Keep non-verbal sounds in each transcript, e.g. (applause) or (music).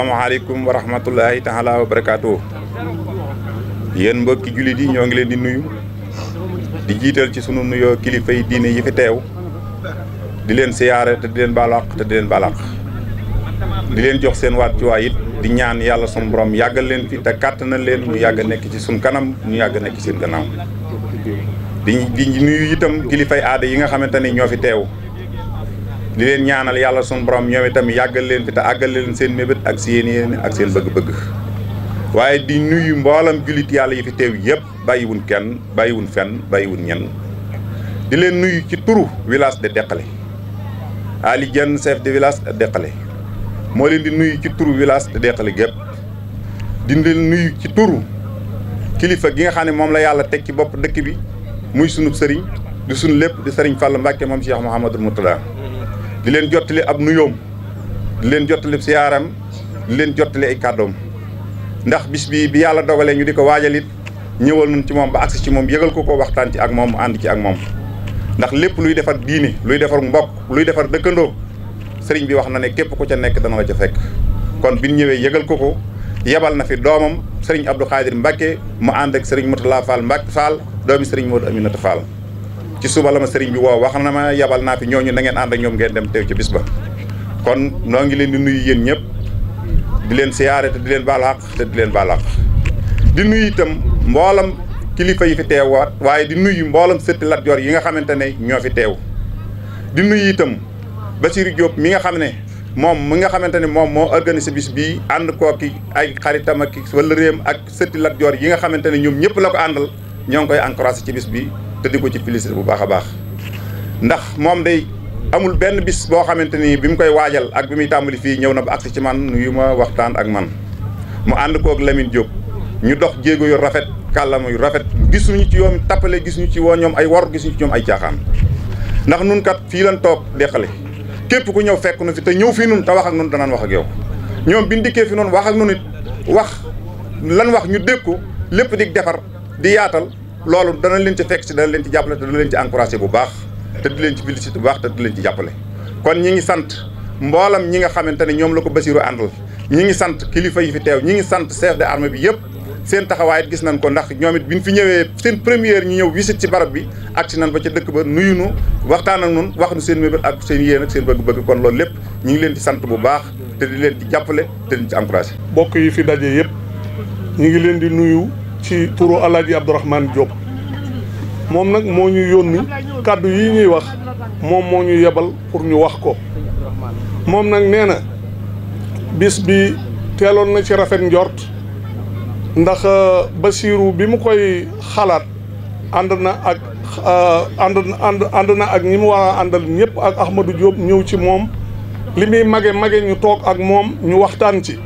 asalaamaaleykum wa rahmatullahi taala wa barakaatu. yéen mbokki jullit yi ñoo ngi leen di nuyu di jiital ci sunu nuyoo kilifay yi diine yi fi teew di leen siyaare te di leen balaq te di leen balaq di leen jox seen waat ci waay it di ñaan yàlla sunu borom yàggal leen fi te kàttanal leen ñu yàgg nekk ci sunu kanam ñu yàgg nekk seen gannaaw di nuyu itam kilifay aada yi nga xamante ni ñoo fi teew di leen ñaanal yàlla sunu boroom ñoom itam yàggal leen fi te àggal leen seen mébét ak seen yéene ak seen bëgg-bëgg waaye di nuyu mboolam jullit yàlla yi fi teew yëpp bàyyiwun kenn bàyyiwun fenn bàyyiwun ñenn di leen nuyu ci turu village de Deqale Ali Dieng chef de village de Deqale moo leen di nuyu ci turu village de Deqale gépp di leen nuyu ci turu kilifa gi nga xam ne moom la yàlla teg ci bopp dëkk bi muy sunu sëriñ di sunu lépp di sëriñ Fall Mbàkke moom Cheikh Mouhamadul Moutada di leen jottali ab nuyoom di leen jottali siyaaram di leen jottali ay kàddoom ndax bis bi bi yàlla dogalee ñu di ko waajalit ñëwal nun ci moom ba agsi ci moom yëgal ko ko waxtaan ci ak moom mu ànd ci ak moom ndax lépp luy defar diine luy defar mbokk luy defar dëkkandoo sëriñ bi wax na ne képp ku ca nekk dana la ca fekk kon bi ñu ñëwee yëgal ko ko yebal na fi doomam sëriñ Abdou Khadir Mbacke mu ànd ak sëriñ Moutala Fall Mbacke Fall doomi sëriñ Modou Aminata Fall ci suba la ma sëriñ bi woo wax na ma yebal naa fi ñooñu na ngeen ànd ak ñoom ngeen dem teew ci bis ba kon noo ngi leen di nuyu yéen ñëpp di leen siyaare te di leen baal àq te di leen baal àq di nuyu itam mboolam kilifa yi fi teewaat waaye di nuyu mboolam sëtti Lat Joor yi nga xamante ne ñoo fi teew di nuyu itam Basiru Diop mi nga xam ne moom mi nga xamante ne moom moo organisé bis bii ànd koo ki ay xaritam ak wala réem ak sëtti Lat yi nga xamante ne ñoom ñëpp la ko àndal ñoo ngi koy encouragé ci bis bi te di ko ci félicité bu baax a baax ndax moom day amul benn bis boo xamante ni bi mu koy waajal ak bi muy tàmbali fii ñëw na ba àgg ci man yu ma waxtaan ak man mu ànd koog lemin jóg ñu dox jéego yu rafet kàllama yu rafet gisuñu ci yoom tappalee gisuñu ci woon ñoom ay wor gisuñu ci ñoom ay jaaxaan ndax nun kat fii lan toog deqale képp ku ñëw fekk nu fi te ñëw fii nun te wax ak nun danaan wax ak yow ñoom bi ñu dikkee fi noonu wax ak nun it wax lan wax ñu dégg ko lépp di defar di yaatal loolu dana leen ci fekk si dana leen ci jàppale te dana leen ci encouragé bu baax te di leen ci félicité bu baax te di leen ci jàppale kon ñi ngi sant mboolam ñi nga xamante ne ñoom la ko Basiru àndal ñi ngi sant kilifa yi fi teew ñi ngi sant chef de armée bi yëpp seen taxawaay gis nañ ko ndax ñoom it bi ñu fi ñëwee seen première ñi ñëw visite ci barab bi agsi nañ ba ca dëkk ba nuyu nu waxtaan ak nun wax nu seen mébét ak seen yéen ak seen bëgg-bëgg kon loolu lépp ñu ngi leen ci sant bu baax di leen ci jàppale te ci encouragé. mbokk yi fi daje yëpp ñu ngi leen di nuyu ci turu alaaji abdourahman Diop mom nak mo ñu yoni kaddu yi ñuy wax mom mo ñu yebal pour ñu wax ko mom nak neena bis bi telon na ci rafet ndort ndax euh, basiru bi mu koy xalat ànd na ak euh, ànd ànd ak ñimu wa andal ñepp ak Ahmadou Diop ñew ci mom limi magge magge ñu tok ak mom ñu waxtan ci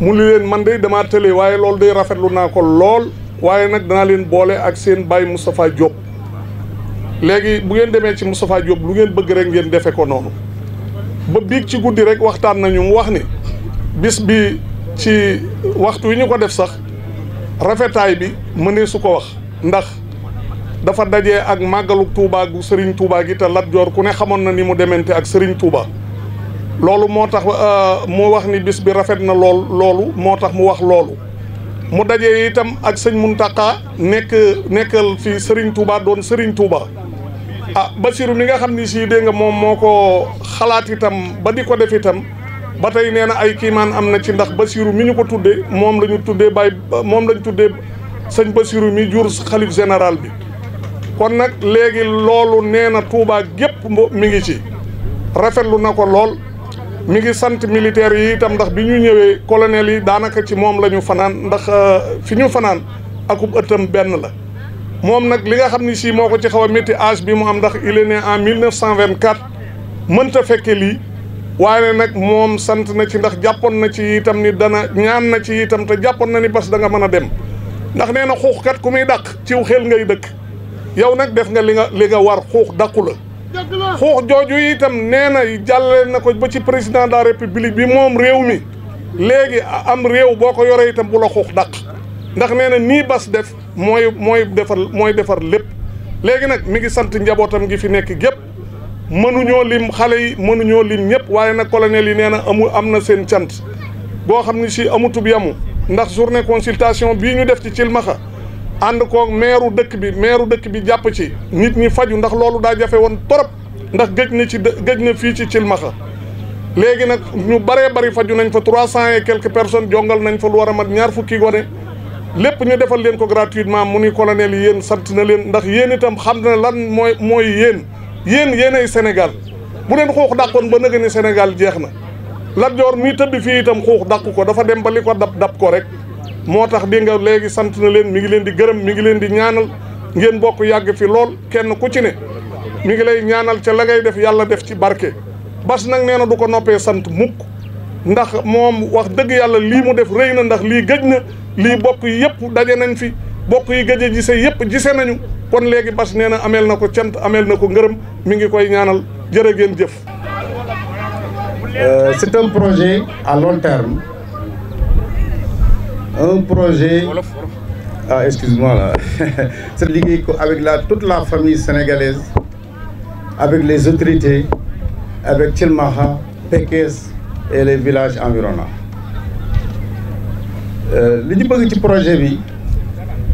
mu ni leen man de damaa tële waaye loolu day rafetlu naa ko lool waaye nag danaa leen boole ak seen baay Moustapha Diop léegi bu ngeen demee ci Moustapha Diop lu ngeen bëgg rek ngeen defe ko noonu ba biig ci guddi rek waxtaan nañu mu wax ni bis bi ci waxtu wi ñu ko def sax rafetaay bi mënee su ko wax ndax dafa dajee ak màggalu Touba gu Serigne tuubaa gi te Lat Joor ku ne xamoon na ni mu demente ak sëriñ Touba loolu moo tax euh, mu wax ni bis bi rafet na lool loolu moo tax mu wax loolu mu daje itam ak sëñ Muntaqa nekk nekkal fi Serigne Touba doon Serigne Touba ah Basiru mi nga xam ni sii de nga moom moo ko xalaat itam ba di ko def itam ba tey nee na ay kiimaan am na ci ndax basiiru mi ñu ko tuddee moom la ñu tuddee Baye moom lañu ñu tuddee sëñ Basiru mi jur xalif général bi kon nag léegi loolu nee na tuubaa gépp mi ngi ci rafetlu na ko lool. mi ngi sant militaires yi itam ndax bi ñu ñëwee colonel yi daanaka ci moom la ñu fanaan ndax euh, fi ñu fanaan akub ëttam benn la moom nag li nga xam ni si moo ko ci xaw metti métti bi mu am ndax il est né en 1924 mënta fekke lii waaye nag moom sant na ci ndax jàppoon na ci itam ni dana ñaan na ci itam te jàppoon na ni bas da nga mën a dem ndax nee na xuuxkat ku muy dàq ciw xel ngay dëkk yow nag def nga li nga li nga war xuux dàqu la xuux jooju itam nee na jàllale na ko ba ci président de la république bi moom réew mi léegi am réew boo ko yoree itam bu la xuux dàq ndax nee na nii bas def mooy mooy defar mooy defar lépp léegi nag mi ngi sant njabootam gi fi nekk gépp mënuñoo lim xale yi mënuñoo lim ñëpp waaye nag colonel yi nee na amu am na seen cant boo xam ne si amutub yamu ndax journée consultation bii ñu def ci Cilmaxa ànd koo meeru dëkk bi meeru dëkk bi jàpp ci nit ñi faju ndax loolu daa jafe woon trop ndax gëj na ci gëj na fii ci Cilmaxa léegi nag ñu bëree bari faju nañ fa trois cent et quelques personnes jongal nañ fa lu war a mat ñaar fukki gone lépp ñu defal leen ko gratuitement mu ni colonel yi yéen sant na leen ndax yéen itam xam ne lan mooy mooy yéen yéen yéenay Sénégal bu leen xuux dàqoon ba nëga ni Sénégal jeex na Lat Joor mii tëdd fii itam xuux dàq ko dafa dem ko dab dab ko rek moo tax bii nga léegi sant na leen mi ngi leen di gërëm mi ngi leen di ñaanal ngeen bokk yàgg fi lool kenn ku ci ne mi ngi lay ñaanal ca la ngay def yàlla def ci barke. bas nag nee na du ko noppee sant mukk ndax moom wax dëgg yàlla lii mu def rëy na ndax lii gëj na lii bokk yëpp daje nañ fi bokk yi gëj a gise yëpp gise nañu kon léegi bas nee na ameel na ko cant ameel na ko ngërëm mi ngi koy ñaanal jërë ngeen jëf. Euh, c'est un projet à long terme. un projet ah excuse-moi là (laughs) avec la toute la famille sénégalaise avec les autorités avec Tilmaha, Pekes et les villages environnants euh, Le projet bi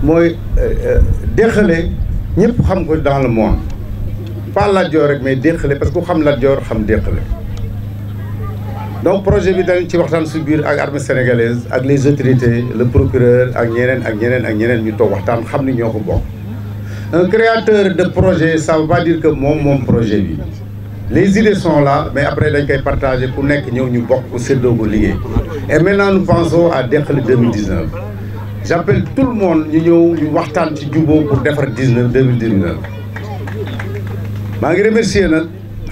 que euh, euh, déxale ñëpp xam dans le monde pas la Dior mais déxale parce que nous xam Lat Dior xam donc projet bi dañ ci waxtaan su biir ak armée sénégalaise ak les autorités le procureur ak ñeneen ak ñeneen ak ñeneen ñu toog waxtaan xam ni ñoo un créateur de projet ça veut pas dire que mon moom projet bi les idées sont là mais après dañ koy partager pour nekk ñëw ñu nous ku séddoo et maintenant nous pensons à décembre 2019 j'appelle tout le monde ñu ñëw ñu waxtaan ci pour defar 2019 maa remercier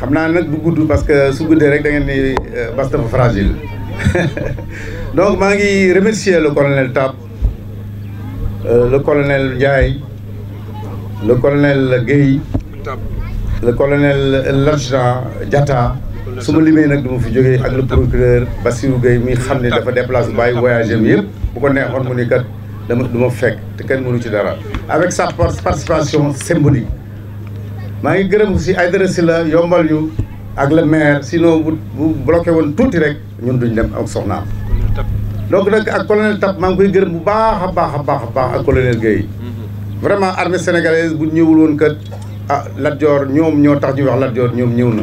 xam naa nag du gudd parce que su guddee rek da ngeen ni euh, Bass dafa fragile (laughs) donc maa ngi remercier le colonel Tap euh, le colonel Ndiaye le colonel Guèye le colonel l'adjudant Diatta su ma limee nag du ma fi jógee ak le procureur Bassirou Guèye mi xam ne dafa déplacé bàyyi voyagé mi bu ko neexoon mu ni kat du ma fekk te kenn mënu ci dara avec sa participation symbolique maa ngi gërëm si Aïdara Sylla yombal yu ak le maire sinon bu bu bloqué woon tuuti rek ñun duñ dem ak soxnaam donc nag ak colonel Tap maa ngi koy gërëm bu baax a baax a baax a baax ak colonel gay mm-hmm. vraiment armée sénégalaise bu ñëwul woon kat ah Lat Dior ñoom ñoo tax ñu wax Lat Dior ñoom ñëw na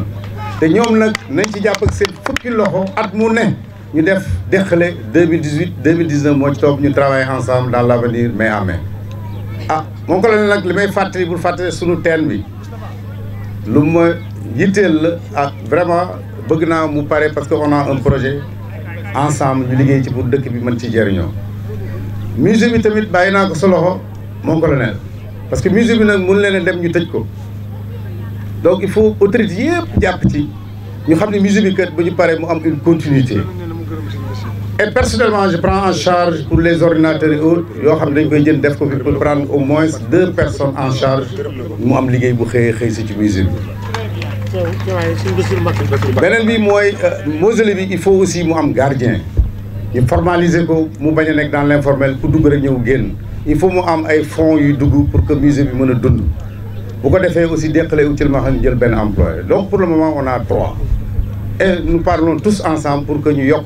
te ñoom nag nañ ci jàpp ak seen fukki loxo at mu ne ñu def déqale 2018 2019 moo ci toog ñu travailler ensemble dans l' avenir main à main ah moom colonel nag li may fàttali bul fàttali sunu teen bi lu ma yitteel la ak vraiment bëgg naa mu pare parce que on a un projet ensemble ñu liggéey ci pour dëkk bi mën ci jariñoo musée bi tamit bàyyi naa ko sa loxo mon colonel parce que musée bi nag mun leen dem ñu tëj ko donc il faut autorité yëpp jàpp ci ñu xam ne musée bi kat bu ñu paree mu am une continuité. et personnellement je prends en charge pour les ordinateurs et autres il xam prendre au moins deux personnes en charge pour am les bu xëyee xëy ci euh, il faut aussi mu am gardien ñu formaliser ko dans l'informel pour que rek ñëw génn il faut que am ay fonds pour que musée bi mën donner. dund bu aussi des utilement xam ne jël donc pour le moment on a trois et nous parlons tous ensemble pour que ñu York.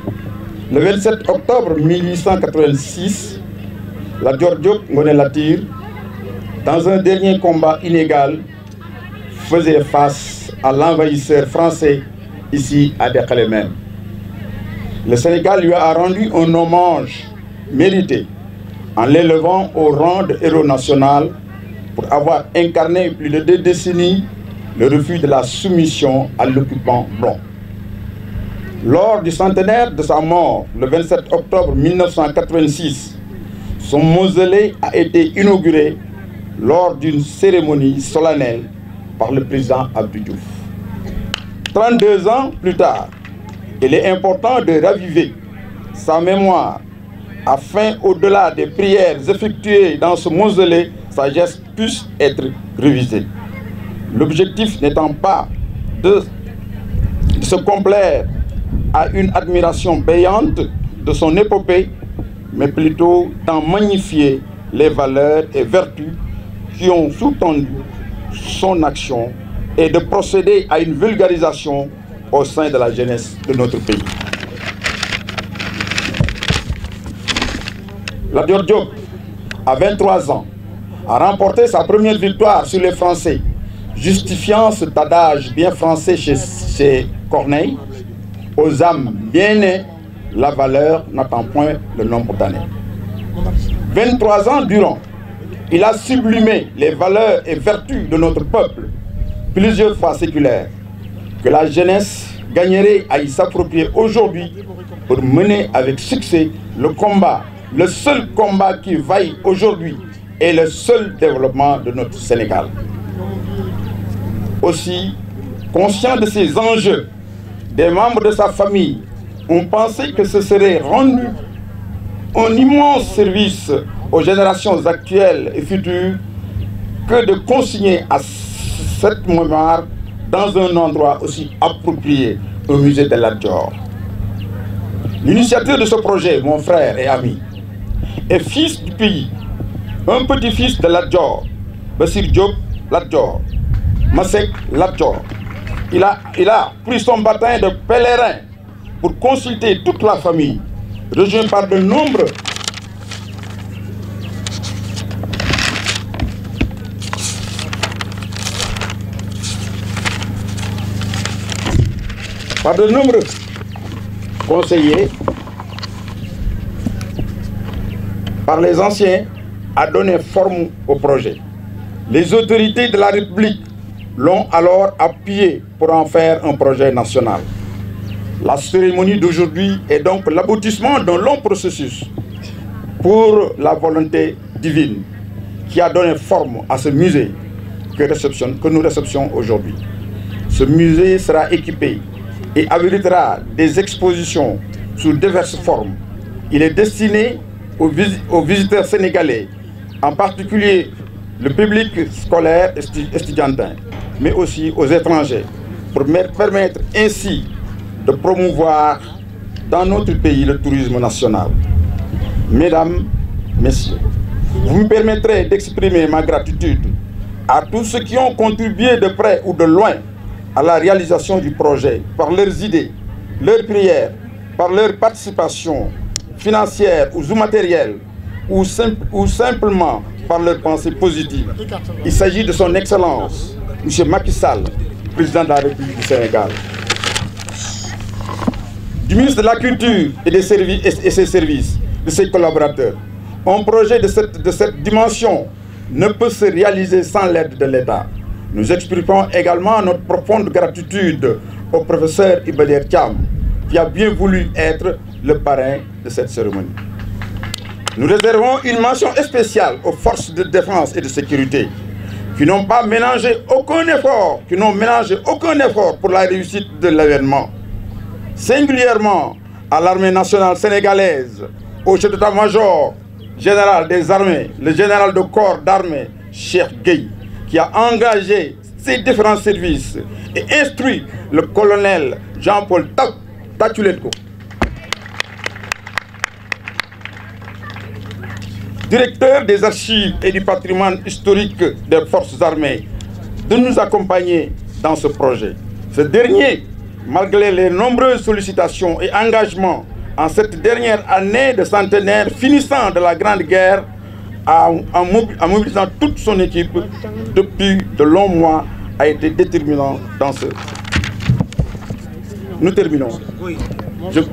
Le 27 octobre 1886, la Diop Ngoné dans un dernier combat inégal, faisait face à l'envahisseur français ici à même Le Sénégal lui a rendu un hommage mérité en l'élevant au rang de héros national pour avoir incarné plus de deux décennies le refus de la soumission à l'occupant blanc. Lors du centenaire de sa mort, le 27 octobre 1986, son mausolée a été inauguré lors d'une cérémonie solennelle par le président Abdou Diouf. 32 ans plus tard, il est important de raviver sa mémoire afin, au-delà des prières effectuées dans ce mausolée, sa geste puisse être révisée. L'objectif n'étant pas de se complaire à une admiration béante de son épopée, mais plutôt d'en magnifier les valeurs et vertus qui ont sous-tendu son action et de procéder à une vulgarisation au sein de la jeunesse de notre pays. La Dior Diop, à 23 ans, a remporté sa première victoire sur les Français, justifiant ce adage bien français chez, chez Corneille, aux âmes bien nées, la valeur n'attend point le nombre d'années. 23 ans durant, il a sublimé les valeurs et vertus de notre peuple, plusieurs fois séculaires, que la jeunesse gagnerait à y s'approprier aujourd'hui pour mener avec succès le combat, le seul combat qui vaille aujourd'hui et le seul développement de notre Sénégal. Aussi, conscient de ces enjeux, les membres de sa famille ont pensé que ce serait rendu un immense service aux générations actuelles et futures que de consigner à cette mémoire dans un endroit aussi approprié au musée de la Dior. L'initiateur de ce projet, mon frère et ami, est fils du pays, un petit-fils de la Dior, Basir Diop Latjor, Masek Latjor, il a, pris son bâtiment de pèlerin pour consulter toute la famille, rejoint par de nombreux par de nombreux conseillers, par les anciens, à donner forme au projet. Les autorités de la République l'ont alors appuyé pour en faire un projet national. La cérémonie d'aujourd'hui est donc l'aboutissement d'un long processus pour la volonté divine qui a donné forme à ce musée que, nous réceptionnons aujourd'hui. Ce musée sera équipé et habilitera des expositions sous diverses formes. Il est destiné aux, aux visiteurs sénégalais, en particulier le public scolaire et étudiantin mais aussi aux étrangers, pour permettre ainsi de promouvoir dans notre pays le tourisme national. Mesdames, Messieurs, vous me permettrez d'exprimer ma gratitude à tous ceux qui ont contribué de près ou de loin à la réalisation du projet par leurs idées, leurs prières, par leur participation financière ou matérielle ou, simplement par leurs pensées positives. Il s'agit de son excellence, Monsieur Macky Sall, président de la République du Sénégal, du ministre de la Culture et, des et ses services, de ses collaborateurs, un projet de cette, de cette dimension ne peut se réaliser sans l'aide de l'État. Nous exprimons également notre profonde gratitude au professeur Ibadir Cham, qui a bien voulu être le parrain de cette cérémonie. Nous réservons une mention spéciale aux forces de défense et de sécurité qui n'ont pas mélangé aucun effort, qui n'ont mélangé aucun effort pour la réussite de l'événement. Singulièrement à l'armée nationale sénégalaise, au chef d'état-major général des armées, le général de corps d'armée, Cheikh Gueye, qui a engagé ses différents services et instruit le colonel Jean-Paul Tatulenko directeur des archives et du patrimoine historique des forces armées, de nous accompagner dans ce projet. Ce dernier, malgré les nombreuses sollicitations et engagements en cette dernière année de centenaire finissant de la Grande Guerre, en mobilisant toute son équipe depuis de longs mois, a été déterminant dans ce. Nous terminons.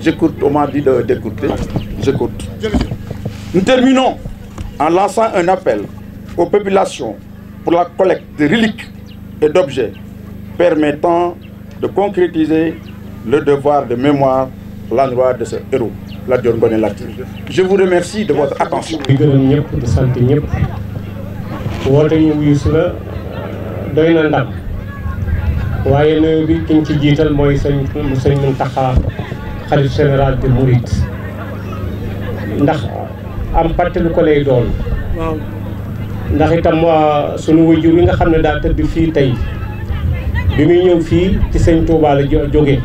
J'écoute, on m'a dit de J'écoute. Nous terminons en lançant un appel aux populations pour la collecte de reliques et d'objets permettant de concrétiser le devoir de mémoire l'endroit de ce héros, la Diorgone Lati. Je vous remercie de votre attention. am fàttali ko lay doon ndax itam sunu wajur yi nga xam ne daa tëdd fii tey bi muy ñëw fii ci sëñ Touba jo jóge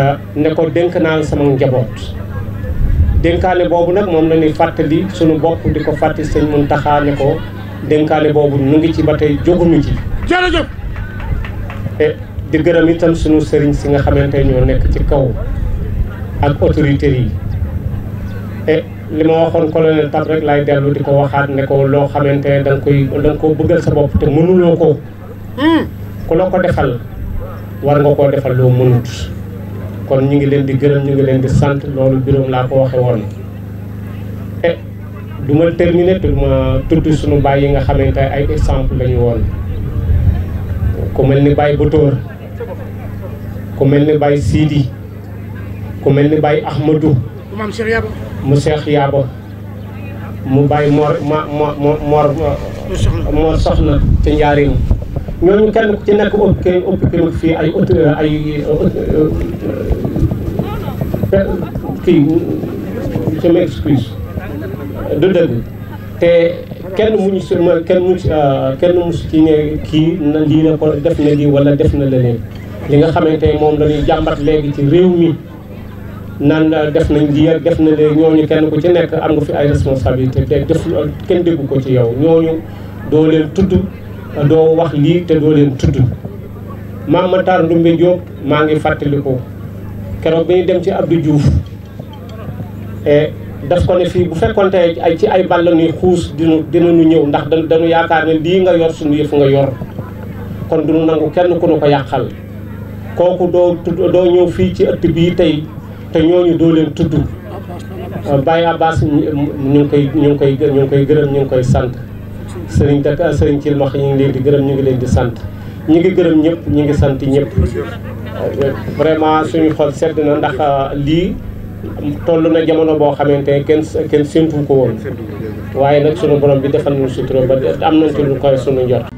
eh, ne ko dénk naa sama njaboot dénkaane boobu nag moom la ñuy fàttali sunu bopp di ko fàttali sëñ Mountakha ne ko dénkaane boobu nu ngi ci ba tey jóguñu ci jërëjëf eh, di gërëm itam sunu sëriñ si nga xamante ñoo nekk ci kaw ak autorité yi li ma waxoon colonel Pape rek laay dellu di ko waxaat ne ko loo xamante ne da koy da nga koo bëggal sa bopp te mënuloo ko hmm. ku la ko defal war nga koo defal loo mënut kon ñu ngi leen di gërëm ñu ngi leen di sant loolu biróom laa ko waxe woon e du ma terminer te du ma tudd suñu baay yi nga xamante ay exemple lañu woon ku mel ni Baye Botor ku mel ni Baye Sidi ku mel ni Baye Ahmadou mu seex yaabo mu bàyyi mor mor mor mor soxna ci njaarim ñooñu kenn ku ci nekk ëpp fii ay ëtt ay euh, euh, kii je m'excuse du dëgg te kenn mu muñu si kenn mu euh, kenn mu ci ne kii na lii na ko def na lii wala def na leneen li nga xamante moom dañuy jàmbat léegi ci réew mi naan def nañ lii ak def na léegi ñooñu kenn ku ci nekk am nga fi ay responsabilité te def kenn déggu ko ci yow ñooñu doo leen tudd doo wax lii te doo leen tudd Mame Matar Ndoumbe Diop maa ngi fàttaliku keroog bi ñu dem ci Abdou Diouf e daf ko bu fekkoon tey ci ay ball xuus dinu dinañu ñëw ndax dañu yaakaar ne lii nga yor suñu yëf nga yor kon duñu nangu kenn ku nu ko yàqal kooku doo tudd doo ñëw fii ci ëtt bii tey te ñooñu doo leen tudd euh, Baye Abbas ñu ngi koy ñu ngi koy ñu ngi gërëm ñu ngi koy sant sëriñ Dakar sëriñ Cilmax ñu ngi leen di gërëm ñu ngi leen di sant ñu ngi gërëm ñëpp ñu ngi sant ñëpp vraiment suñu xol sedd na ndax euh, lii toll na jamono boo xamante ne kenn kenn ko woon waaye nag sunu borom bi defal nañu sutura ba am nañ ci lu koy sunu njort